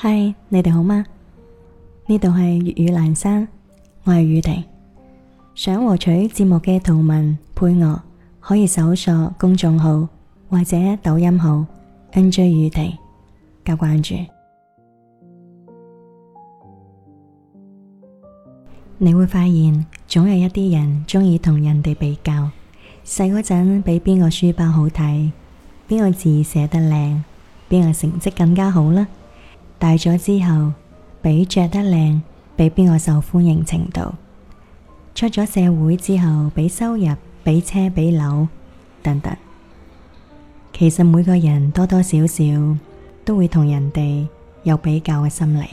嗨，Hi, 你哋好嗎？呢度係粵語闌珊，我係宇婷。想獲取節目嘅圖文配樂，可以搜索公眾號或者抖音號 NJ 宇婷加關注。 你會發現，總有一啲人鍾意同人哋比較。細嗰陣比邊個書包好睇，邊個字寫得靚，邊個成績更加好呢？大咗之後，比着得靚，比邊個受歡迎程度，出咗社會之後，比收入、比車、比樓等等。其實每個人多多少少都會同人哋有比較嘅心理。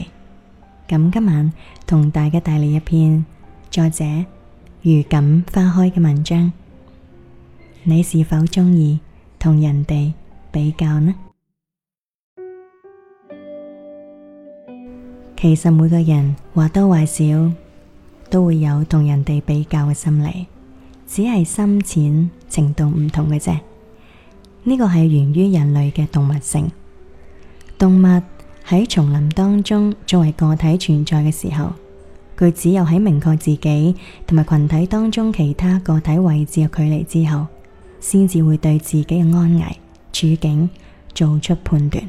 咁今晚同大家帶嚟一篇作者茹錦花開嘅文章，你是否鍾意同人哋比較呢？其實每個人或多或少都會有同人哋比較嘅心理，只係深淺程度唔同嘅啫。呢個係源於人類嘅動物性。動物喺叢林當中作為個體存在嘅時候，佢只有喺明確自己同埋群體當中其他個體位置嘅距離之後，先至會對自己嘅安危處境做出判斷，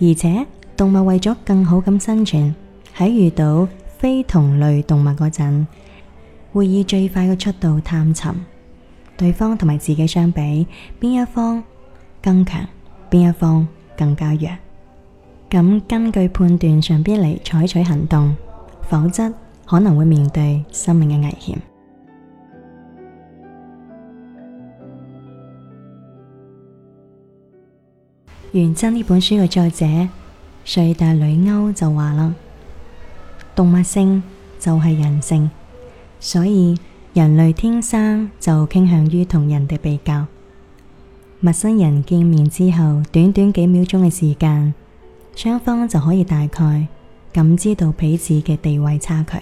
而且。動物為咗更好咁生存，喺遇到非同類動物嗰陣，會以最快嘅速度探尋，對方同埋自己相比，邊一方更強，邊一方更加弱。咁根據判斷上邊嚟採取行動，否則可能會面對生命嘅危險。《 原真》呢本書嘅作者。瑞大女歐就話啦：動物性就係人性，所以人類天生就傾向於同人哋比較。陌生人見面之後，短短幾秒鐘嘅時間，雙方就可以大概感知到彼此嘅地位差距。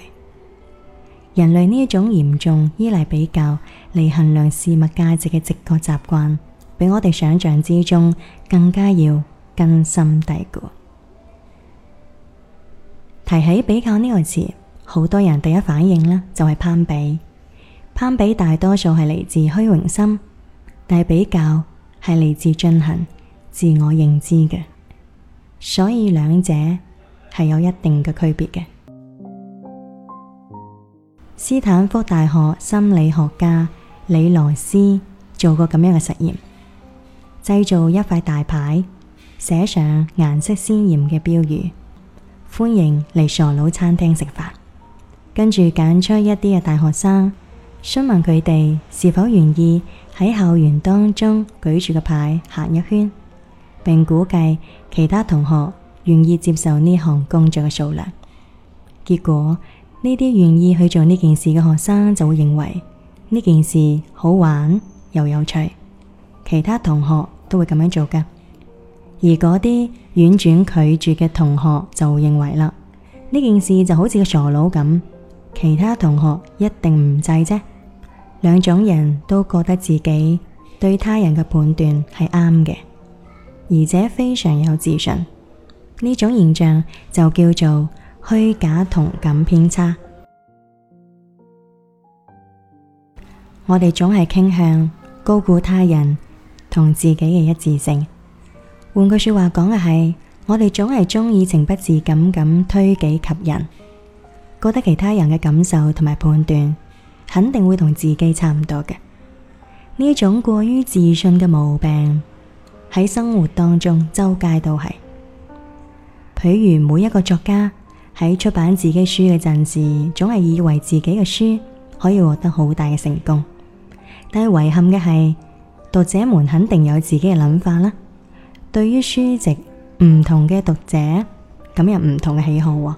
人類呢一種嚴重依賴比較嚟衡量事物價值嘅直覺習慣，比我哋想象之中更加要根深蒂固。提起比較呢個詞，好多人第一反應呢就係攀比，攀比大多數係嚟自虛榮心，但係比較係嚟自進行自我認知嘅，所以兩者係有一定嘅區別嘅。斯坦福大學心理學家李羅斯做過咁樣嘅實驗，製造一塊大牌，寫上顏色鮮艷嘅標語。歡迎嚟傻佬餐廳食飯，跟住揀出一啲嘅大學生，詢問佢哋是否願意喺校園當中舉住個牌行一圈，並估計其他同學願意接受呢項工作嘅數量。結果呢啲願意去做呢件事嘅學生就會認為呢件事好玩又有趣，其他同學都會咁樣做㗎。而嗰啲婉轉拒絕嘅同學就認為啦，呢件事就好似個傻佬咁，其他同學一定唔制啫。兩種人都覺得自己對他人嘅判斷係啱嘅，而且非常有自信。呢種現象就叫做虛假同感偏差。我哋總係傾向高估他人同自己嘅一致性。換句話說話講嘅係，我哋總係鍾意情不自禁咁推己及人，覺得其他人嘅感受同埋判斷肯定會同自己差唔多嘅。呢種過於自信嘅毛病喺生活當中周街都係。譬如每一個作家喺出版自己書嘅陣時，總係以為自己嘅書可以獲得好大嘅成功，但係遺憾嘅係讀者們肯定有自己嘅諗法啦。對於書籍唔同嘅讀者，咁有唔同嘅喜好。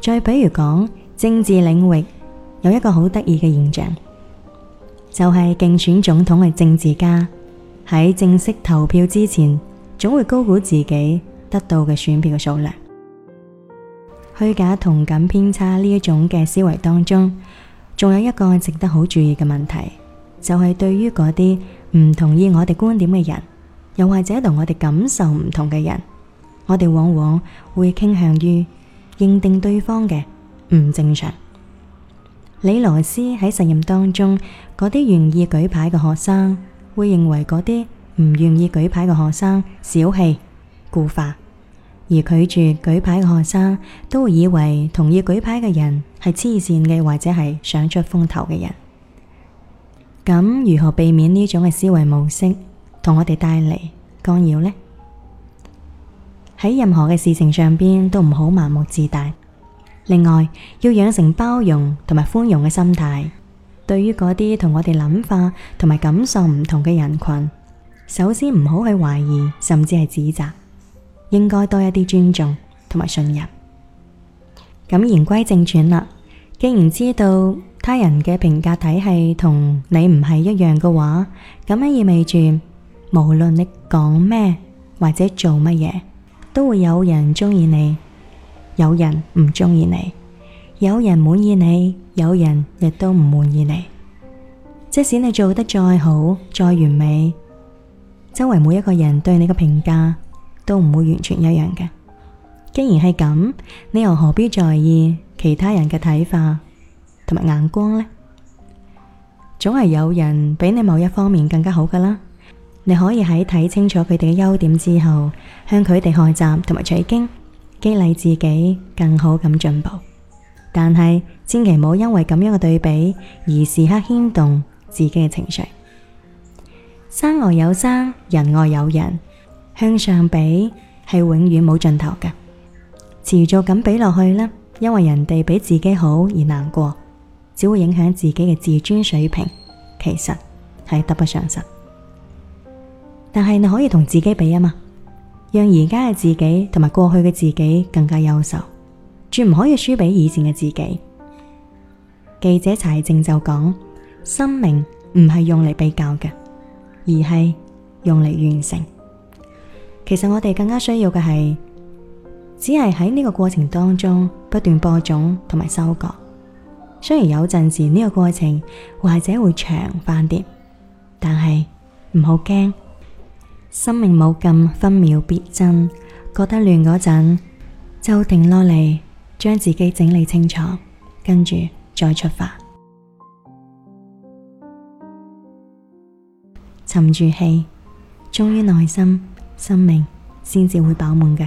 再比如講政治領域，有一個好得意嘅現象，就係競選總統嘅政治家喺正式投票之前，總會高估自己得到嘅選票嘅數量。虛假同感偏差呢一種嘅思維當中，仲有一個值得好注意嘅問題，就係對於嗰啲唔同意我哋觀點嘅人。又或者同我哋感受唔同嘅人，我哋往往會傾向於認定對方嘅唔正常。李羅斯喺實驗當中，嗰啲願意舉牌嘅學生會認為嗰啲唔願意舉牌嘅學生小氣、固化，而拒絕舉牌嘅學生都會以為同意舉牌嘅人係痴線嘅，或者係想出風頭嘅人。咁如何避免呢種嘅思維模式同我哋帶嚟干擾呢，喺任何嘅事情上邊都唔好盲目自大。另外，要養成包容同埋寬容嘅心態。對於嗰啲同我哋諗法同埋感受唔同嘅人群，首先唔好去懷疑，甚至係指責，應該多一啲尊重同埋信任。咁言歸正傳啦，既然知道他人嘅評價體系同你唔係一樣嘅話，咁樣意味住。無論你講咩或者做乜嘢，都會有人中意你，有人唔中意你，有人滿意你，有人亦都唔滿意你。即使你做得再好、再完美，周圍每一個人對你嘅評價都唔會完全一樣嘅。既然係咁，你又何必在意其他人嘅睇法同埋眼光呢？總係有人比你某一方面更加好㗎啦。你可以喺睇清楚佢哋嘅優點之後，向佢哋學習同埋取經，激勵自己更好咁進步。但係千祈唔好因為咁樣嘅對比而時刻牽動自己嘅情緒。山外有山，人外有人，向上比係永遠冇盡頭嘅。持續咁比落去啦，因為人哋比自己好而難過，只會影響自己嘅自尊水平。其實係得不償失。但係你可以同自己比啊嘛，讓而家嘅自己同埋過去嘅自己更加優秀，絕唔可以輸俾以前嘅自己。記者柴靜就講：生命唔係用嚟比較嘅，而係用嚟完成。其實我哋更加需要嘅係，只係喺呢個過程當中不斷播種同埋收割。雖然有陣時呢個過程或者會長翻啲，但係唔好驚。生命冇咁分秒必爭，覺得亂嗰陣就停落嚟，將自己整理清楚，跟住再出發。沉住氣，忠於內心，生命先至會飽滿嘅。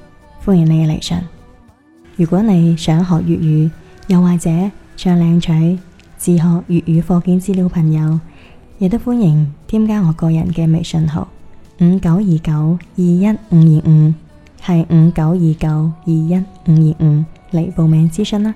歡迎你嘅嚟信。如果你想學粵語，又或者想領取自學粵語課件資料，朋友亦都歡迎添加我個人嘅微信號五九二九二一五二五，係五九二九二一五二五嚟報名諮詢啦。